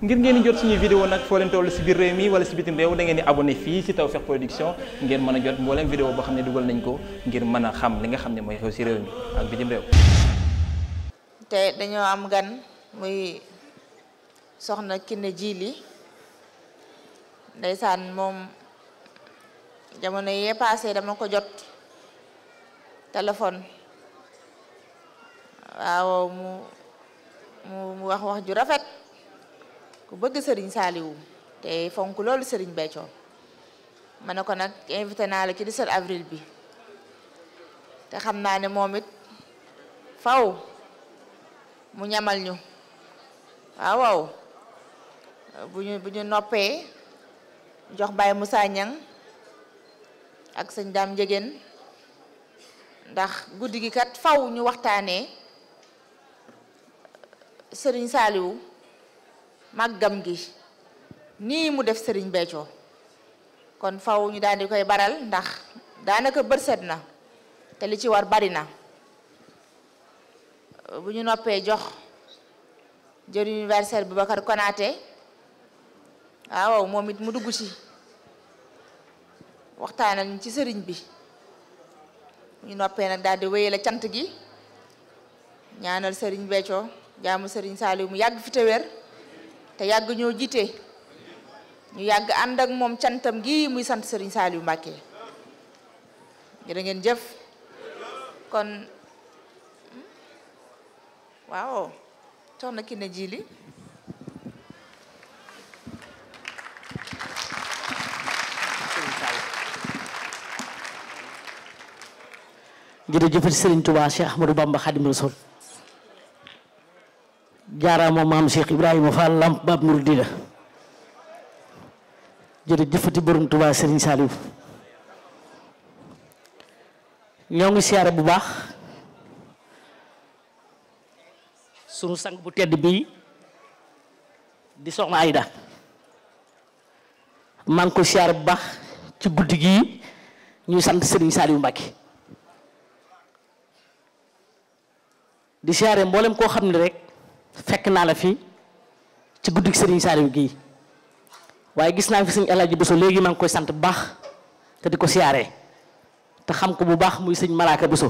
ngir ngeen di jot suñuy vidéo nag foo leen toll si biir réew mi wala si bitim réew da ngeen di abonné fii si Tawfekh Production ngeen mën a jot mbooleem vidéo boo xam ne dugal nañ ko ngir mën a xam li nga xam ne mooy xew si réew mi ak bitim réew te dañoo am gan muy soxna Kiné Djily ndeysaan moom jamono yee passé dama ko jot téléphone waaw mu mu wax wax ju rafet ku bëgg sëriñ saaliwu te fonk loolu Serigne Béthio ma ne ko nag invité naa la ci 17 avril bi te xam naa ne moom it faw mu ñamal ñu waaw waaw bu ñu bu ñu noppee jox Baye Moussa Niang ak sëñ daam Ndiéguène ndax guddi gi kat faw ñu waxtaanee sëriñ saaliwu màggam gi nii mu def sëriñ Béthio kon faw ñu daal di koy baral ndax daanaka bët set na te li ci war bari na bu ñu noppee jox jër universel Boubacar Konaté waaw moom it mu dugg ci waxtaanal ci sëriñ bi bu ñu noppee nag daal di wéyale cant gi ñaanal sëriñ Béthio jaamu sëriñ Saliou mu yàgg fi te te yàgg ñoo jiite ñu yàgg àndak moom cantam gi muy sant Serigne Saliou Mbacké jërë ngeen jëf kon hmm? waaw soxna Kiné Djily jërëjëf Serigne Touba Cheikh Ahmadou Bamba Khadim Rasoul jaaraama maam Cheikh Ibrahima Fall Lamp Baab Mouridina jëfati borom Touba Serigne Saliou ñoo ngi siyaare bu baax sunu sang bu tedd bii di soxna ayda maa ngi ko siyaare bu baax ci guddi gii ñuy sant Serigne Saliou Mbacke di siyaare mboolem koo xam ne rek fekk naa la fi ci guddi Serigne Saliou gii waaye gis naa fi sëñ El Hadj Bousso léegi maa koy sant bu baax te di ko siyaaree te xam ko bu baax muy sëñ Malaaka Bousso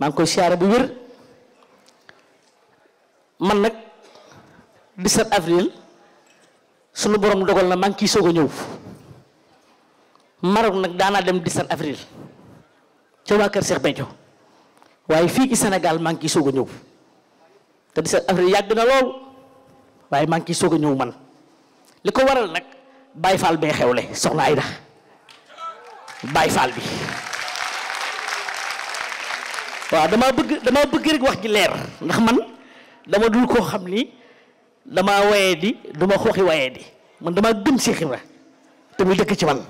maa ngi koy siyaare bu wér man nag 17 avril sunu borom dogal na maa ngi ciy soog a ñëw Maroc nag daanaa dem 17 avril ca waa Kër Cheikh Béthio waaye fii ci senegal maa ngi ciy soog a ñëw. te 17 avril yàgg na lool waaye maa ngi ciy soog a ñëw man li ko waral nag Baye Fall bee xewle soxna Aida Baye Fall bi waaw dama bëgg dama bëgg rek wax ji leer ndax man dama dul koo xam ni dama waye di duma ma xooxi waye di man dama gëm Seex Ibra te muy dëkk ci man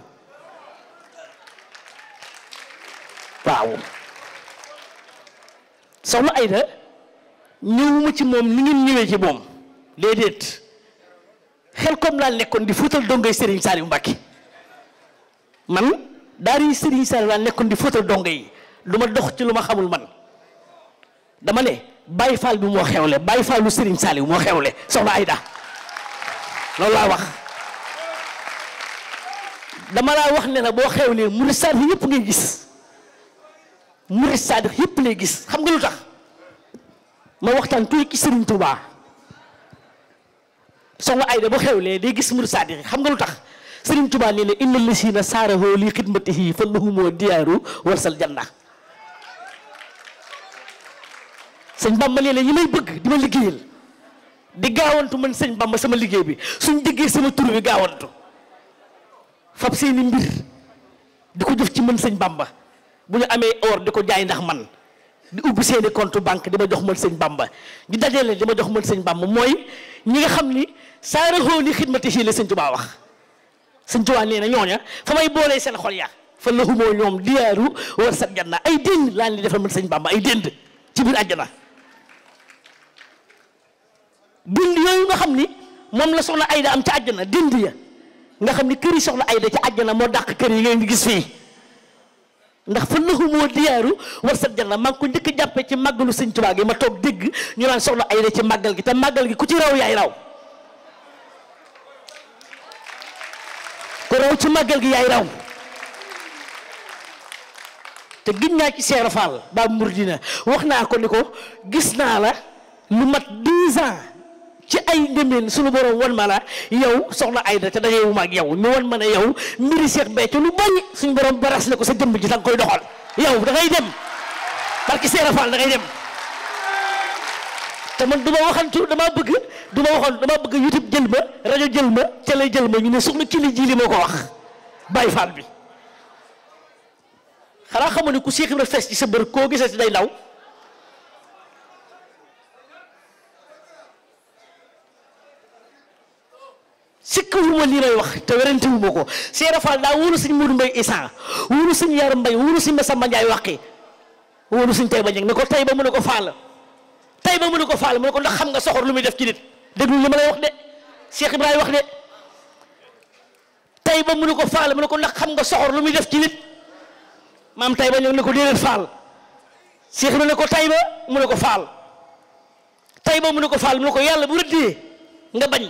waaw soxna Aida ñëwuma ci moom ni ngeen ñëwee ci moom déedéet xel comme laa nekkoon di fóotal dongay Serigne Saliou Mbacké man daara yi Serigne Saliou laa nekkoon di fóotal dongo yi lu ma dox ci lu ma xamul man dama ne Baye Fall bi moo xewle Baye Fallu Serigne Saliou moo xewle soxna Aïda loolu laa wax dama laa wax ne na boo xewlee mu ne saadix yépp ngay gis murid saadix yëpp lay gis xam nga lu tax ma waxtaan tuuti ci Serigne Touba soxna Ayda bu xewlee day gis mur xam nga lu tax Serigne Touba nee na inna lisina saarahoo li xidmatihi fa lahumoo diyaaru warsal janna sëñ Bamba nee na ñi may bëgg di ma liggéeyal di gaawantu man sëñ Bamba sama liggéey bi suñ déggee sama tur bi gaawantu fab seeni mbir di ko jëf ci mën sëñ Bamba bu ñu amee or di ko jaay ndax man di ubbi seeni compte banque di ma jox man sëñ bamba ñu dajale di ma jox man sëñ bamba mooy ñi nga xam ni saara xóo ni xidmati si la sëñ tubaa wax sëñ tubaa nee na ñooña fa may boolee seen xol ya fa la humoo ñoom diyaaru war sat na ay dénd laa ni defal man sëñ bamba ay dénd ci biir àjjana dénd yooyu nga xam ni moom la soxna Ayda am ca na dénd ya nga xam ni kër yi soxna Ayda ca àjjana moo dàq kër yi ngeen gis fii ndax fa naxu moo diyaaru war sat janna maa ngi ko njëkk jàppee ci màggalu sëñ Tuubaa gi ma toog dégg ñu naan soxna ay ci màggal gi te màggal gi ku ci raw yaay raw ku raw ci màggal gi yaay raw te gis naa ci Seera Fall ba Mouridina wax naa ko ni ko gis naa la lu mat 10 ans ay ndémbeen suñu borom wan ma la yow soxna Ayda te dajeewu ma ak yow ñu wan ma ne yow mbiri Seex Béthio lu bari suñu borom baras la ko sa jëmb ji da nga koy doxal yow da ngay dem barki Seera Fall da ngay dem te man du ma waxantu damaa bëgg du ma waxoon damaa bëgg YouTube jël ma rajo jël ma télé jël ma ñu ne soxna Kili ji li ma ko wax Baye Fall bi xanaa xamu ne ku Seex Ibra fees ci sa bër koo gisee si day ndaw wuma lii may wax te werante wuma ko Cheikh Fall daa wóolu suñ Modou Mbaye Issa wóolu suñ mbay Mbaye wóolu suñ Massamba wax waqi wóolu suñ Taïba Niang ne ko Taïba mu ne ko Fall Taïba mu ne ko Fall mu ko ndax xam nga soxor lu def ci nit déglu li ma lay wax de Cheikh Ibrahima wax de Taïba mu ne ko Fall mu ne ko ndax xam nga soxor lu muy def ci nit maam Taïba Niang ne ko déedéet Fall Cheikh Ibrahima ne ko Taïba mu ne ko Fall Taïba mu ne ko Fall mu ne ko yàlla bu rëddee nga bañ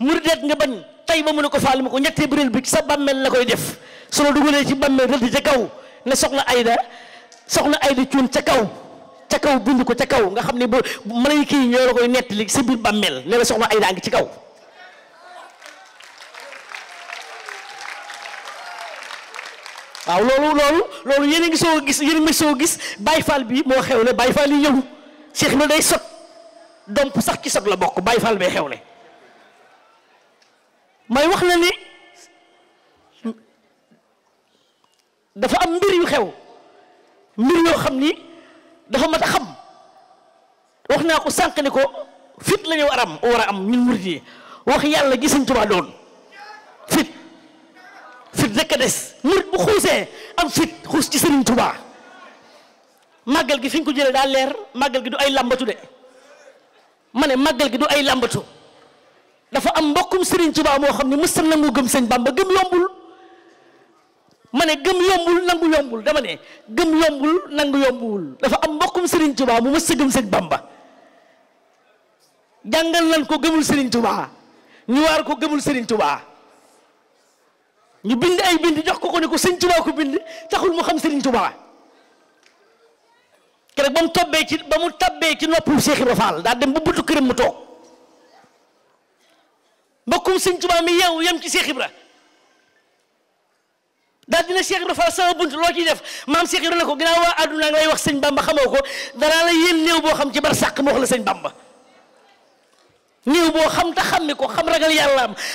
murideet nga bañ tey ba mu ne ko faal ma ko ñetti biril bi sa bàmmeel la koy def su la dugalee ci bàmmeel rëdd ca kaw ne soxna Ayda soxna Ayda ca kaw ca kaw bind ko ca kaw nga xam ne ba malayka yi ñoo la koy nettali sa biir bàmmeel ne soxna Ayda ngi ci kaw waaw loolu loolu loolu yéen a ngi soo gis yéen a soo gis Baye bi moo xewle Baye Fall yi ñëw Cheikh ma day sot domp sax ci sot la bokk Baye Fall bee xewle may wax na ni dafa am mbir yu xew mbir yoo xam ni dafa mat a xam wax naa ko sànq ni ko fit la ñu war a am war a am ñun murid yi wax yàlla gi Sëñ Tuubaa doon fit fit rekk a des murid bu xuusee am fit xuus ci Sëriñ Tuubaa màggal gi fi ñu ko jëlee daa leer màggal gi du ay làmbatu de ma ne màggal gi du ay làmbatu dafa am mbokkum Serigne Touba moo xam ne mësta nangu gëm sëñ Bamba gëm yombul ma ne gëm yombul nangu yombul dama ne gëm yombul nangu yombuwul dafa am mbokkum Serigne Touba mu mësta gëm sëñ Bamba jàngal nañ ko gëmul Serigne Touba ñu waar ko gëmul Serigne Touba ñu bind ay bind jox ko ko ne ko sëñ Touba ko bind taxul mu xam Serigne Touba keroog ba mu tobbee ci ba mu tabbee ci daa dem bu buntu këram mu toog. bokkum sëñ Tuubaa mi yeewu yem ci Cheikh Ibra daal dina Cheikh Ibra Fall sama bunt loo ciy def maam Cheikh Ibra ne ko ginnaaw waa àdduna ngay wax sëñ Bamba xamoo ko danaa la boo xam ci bar sàq ma la sëñ Bamba boo xam te xammi ko xam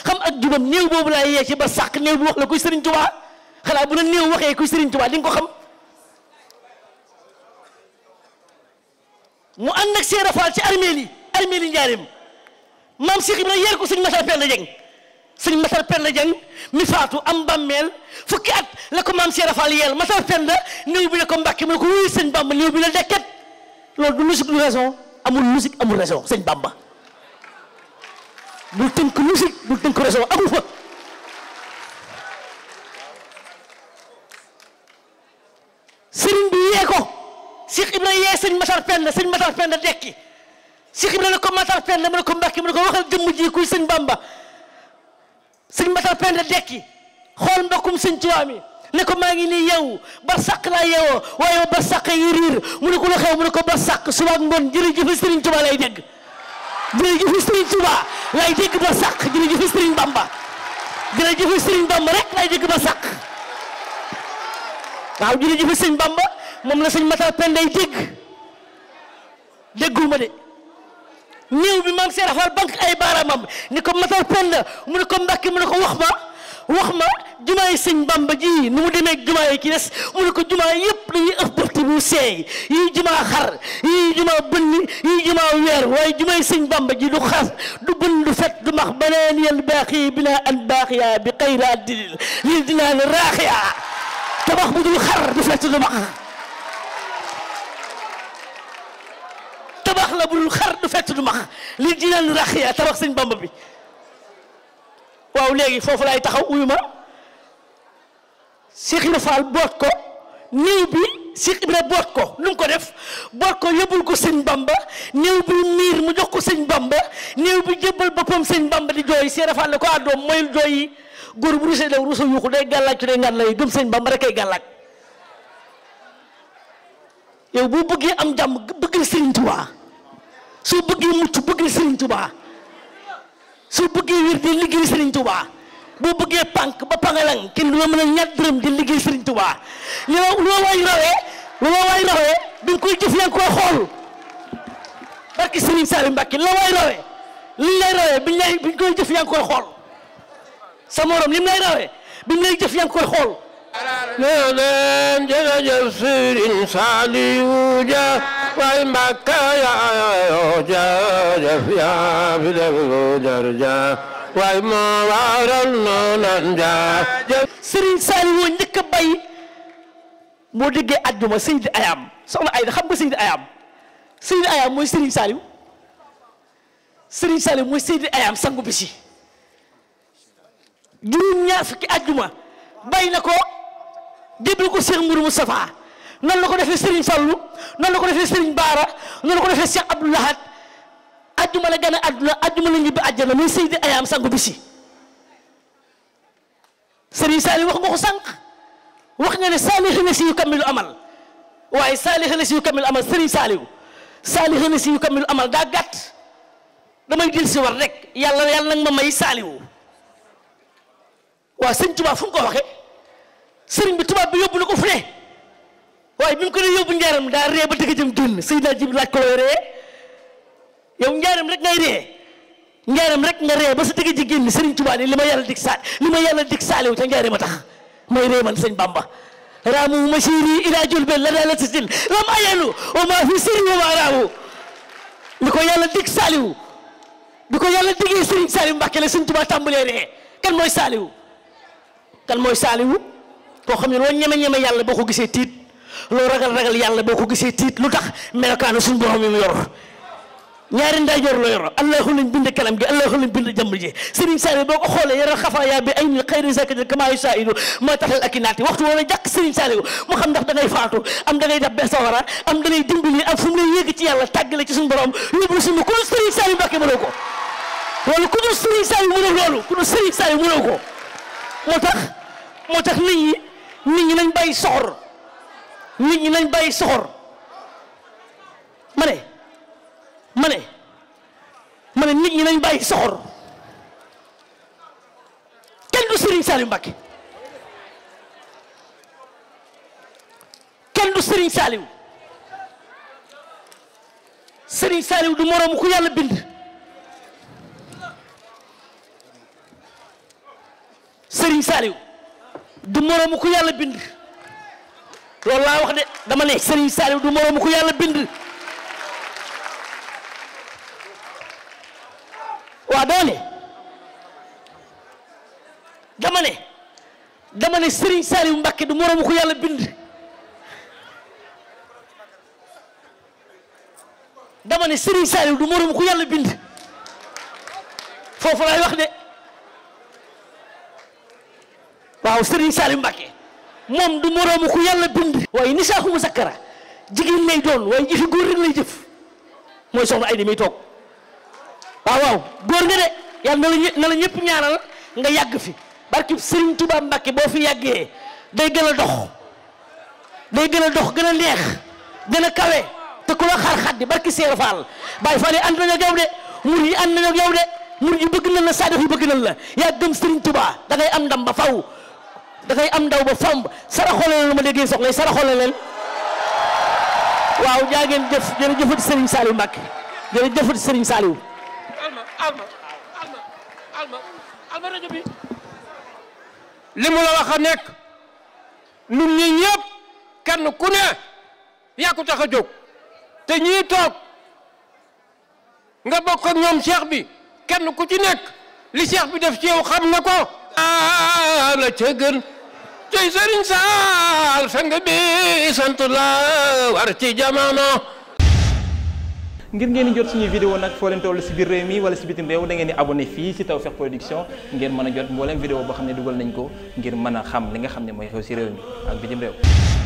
xam ak jubam néew boobu laa yee ci bar sàq néew bu wax la kuy sëriñ Tuubaa xanaa bu la néew waxee kuy sëriñ Tuubaa di nga ko xam mu ànd ak Cheikh ci armeel yi njaarim maam Cheikh Ibra yéer ko sëñ Masar Penda Dieng sëñ Masar Penda Dieng mi faatu am bàmmeel fukki at la ko maam Cheikh Rafal yeel Masar Penda néew bi la ko mbàkke mu ne ko wuy sëñ Bamba néew bi dekket loolu du musique du raison amul musique amul raison sëñ Bamba bul tënk musique bul tënk raison amul fa sëriñ bi yee ko Cheikh Ibra yee sëñ Masar Penda sëñ Masar Penda dekki Cheikh Ibra ne ko Matar Penda mu ne ko Mbàkke mu ne ko waxal jëmm ji kuy sëñ Bamba sëñ Matar Penda dekki xool mbokkum sëñ Tuubaa mi ne ko maa ngi nii yeewu ba sàq laa yeewoo waaye ba sàq yi mu ne ko lu mu ne ko ba suba ak ngoon jërëjëf Sëriñ Tuubaa lay dégg jërëjëf Sëriñ Tuubaa lay dégg ba sàq jërëjëf Bamba jërëjëf Sëriñ Bamba rek lay dégg ba sàq waaw jërëjëf Sëriñ Bamba moom la sëñ Matar Penda ay dégg de néew bi maam Seera Faal banque ay baaraamam ni ko matal pen la mu ne ko mbàkki mu ne ko wax ma wax ma jumaa yi sëñ Bamba ji nu mu di jumaa yi ki des mu ne ko jumaa yëpp dañuy ëf bofti bu seey yii jumaa xar yii jumaa bënni yii jumaa weer waaye jumaa yi sëñ Bamba ji du xas du bënn du fet du max baneen yel baax yi binaa an baax yaa bi xayraa dilil lii dinaa ne raax yaa tabax bu dul fet du tabax la bu dul xar du fett du max li dinañ rax ya tabax sëñ bamba bi waaw léegi foofu laay taxaw uyu ma Cheikh Ibra Fall boot ko néew bi Cheikh Ibra boot ko lu ko def boot ko yóbbul ko sëñ bamba néew bi miir mu jox ko sëñ bamba néew bi jébbal boppam sëñ bamba di jooy Cheikh Ibra Fall ko àddoom ah, mooyul jooy yi góor bu rusee daw rusee yuuxu day gàllaaj ci day ngan lay gëm sëñ bamba rek ay gàllaaj yow boo bëggee am jàmb bëggal sëñ soo bëggee mucc bëgg Serigne Touba soo di liggéey Serigne Touba boo bëggee pànk ba pangalang kenn du la mën di liggéey Serigne Touba li la lu la waay rawee lu la waay rawee dañ koy jëf yaa ngi xool barki Serigne Saliou Mbacké la waay rawee liñ lay rawee biñ lay jëf yaa ngi xool sa morom lim lay rawee biñ lay jëf yaa ngi xool. fay Mbàkke yaayoo jaajëf yaa fi def lu jar jaa waaye moo waral noonu jaajëf. Serigne Saliou njëkk a bay boo déggee àjjuma Seydi Ayam soxna Ayda xam nga Seydi Ayam Seydi Ayam mooy Serigne Saliou Serigne Saliou mooy Seydi Ayam sangu bisi juróom ñaar fukki àjjuma bay na ko jébal ko Cheikh Mourou Moustapha. noonu la ko defee Serigne Fallou noonu la ko defee seriñ Baara noonu la ko defee Cheikh Abdou Lahad ajjuma la gën a àdduna ajjuma la ñibbi àjjana muy Ayaam sangu bisi Serigne Saliou wax nga ko sànq wax nga ne saalihiina si yu kamilu amal waaye saalihiina si yu kamilu amal Serigne Saliou saalihiina si yu kamilu daa gàtt damay dil yàlla yàlla nag ma may Saliou waaw tubaab fu mu ko waxee bi tubaab bi yóbbu na ko fu ne waaye bi mu ko dee yóbbu njaaram daa ree ba dëgg jëm dund Seydina Jibril laaj ko looy ree yow njaaram rek ngay ree njaaram rek nga ree ba sa dëgg ji génn Serigne Touba ni li ma yàlla dig saa li ma yàlla dig saaliw ca njaaram a tax may man sëñ Bamba raamu masiiri ilaa la daala tasil lam ayalu wa ma fi siri wa raamu li ko yàlla dig saaliw bi ko yàlla digee Serigne Saliou Mbacke la Serigne Touba tàmbalee ree kan mooy Saliou kan mooy Saliou koo xam ne loo ñeme ñeme yàlla boo ko gisee tiit loo ragal ragal yàlla boo ko gisee tiit lu tax melokaanu suñu borom yi mu yor ñaari ndaajoor la yor allahu lañ bind kalam gi allahu lañ bind jàmm ji sëriñ Saliou boo ko xoolee yaral xafaaya bi ay ni xëyri sakajël kamaayu saa idu mooy taxal ak i naati waxtu wala jàkk sëriñ Saliou mu xam ndax da faatu am da ngay sawara am da ngay am fu mu lay yéegi ci yàlla tàggale ci suñu borom yóbbu suñu ku dul sëriñ Saliou Mbàkke mënoo ko loolu ku dul sëriñ Saliou ku dul sëriñ Saliou mënoo ko moo tax moo tax ñi nit ñi nañ nit ñi nañ bay soxor ma ne ne ma nit ñi nañ bàyyi soxor kenn du Serigne Saliou Mbacké kenn du Serigne Saliou Serigne Saliou du moroomu ku yàlla bind Serigne Saliou du moroomu ku yàlla bind loolu laa wax de dama ne Serigne Saliou du moroomu ko yàlla bind waaw dama ne dama ne dama ne Serigne Saliou Mbacke du moroomu ko yàlla bind dama ne Serigne Saliou du moroomu ko yàlla bind foofu laay wax moom du moroomu ku yàlla bind waaye nisaaku mu sakkara jigéen lay doon waaye jëfi góor rek lay jëf mooy soxna ay di muy toog waaw waaw góor nga de yàlla na la nga yàgg fi barkib Sëriñ Tuubaa Mbàkke boo fi yàggee day gën a dox day gën a dox gën a neex gën a kawe te ku la xaar xaddi barki Seer Faal Baay Faal yi ànd nañu ak yow de mur yi ànd nañu ak de mur yi bëgg nañ la saadix yi bëgg nañ la yaa gëm Sëriñ Tuubaa da am ndam ba faw dafay am ndaw ba fomb saraxole leen lu ma déggee soxla yi saraxole leen waaw jaa ngeen jëf jërëjëfati Serigne Saliou Mbacke jërëjëfati Serigne Saliou. alma alma alma alma alma rajo bi. li mu la wax a nekk ñun ñi ñëpp kenn ku ne yaa ko tax te ñii toog nga bokk ñoom cheikh bi kenn ku ci nekk li cheikh bi def ci yow xam na ko. ah tey sëriñ sa sang bi sant la war ci jamono. ngir ngeen jot suñu vidéo nag foo leen toll si biir réew mi wala si bitim réew da ngeen di abonné fii si Tawfekh Production ngeen mën a jot mbooleem vidéo boo xam ne dugal nañ ko ngir mën a xam li nga xam ne mooy xew si réew mi ak bitim réew.